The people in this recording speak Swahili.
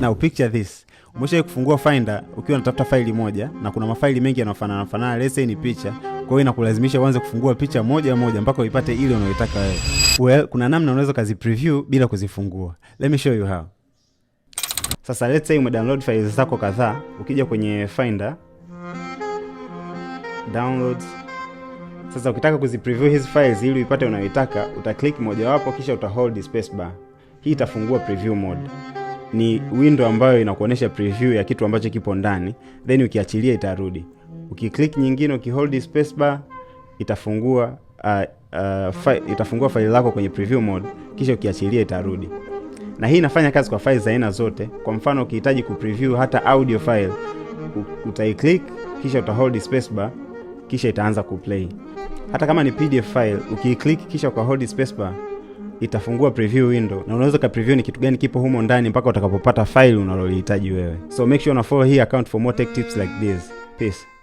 Now picture this. Umesha kufungua Finder ukiwa unatafuta faili moja na kuna mafaili mengi yanayofanana fanana, let's say ni picha. Kwa hiyo inakulazimisha uanze kufungua picha moja moja mpaka uipate ile unayotaka wewe. Well, kuna namna unaweza kazi preview bila kuzifungua. Let me show you how. Sasa let's say umedownload files zako kadhaa, ukija kwenye Finder downloads. Sasa ukitaka kuzipreview hizi files ili uipate unayoitaka, utaklik click mojawapo kisha utahold space bar. Hii itafungua preview mode ni window ambayo inakuonyesha preview ya kitu ambacho kipo ndani, then ukiachilia itarudi. Ukiklik nyingine, ukihold spacebar itafungua uh, uh, fi, itafungua faili lako kwenye preview mode, kisha ukiachilia itarudi. Na hii inafanya kazi kwa faili za aina zote. Kwa mfano, ukihitaji kupreview hata audio file utaiklik kisha utahold spacebar kisha itaanza kuplay. Hata kama ni PDF file ukiiclick, kisha ukahold spacebar itafungua preview window na unaweza ka preview ni kitu gani kipo humo ndani mpaka utakapopata file unalolihitaji wewe. So make sure una follow hii account for more tech tips like this. Peace.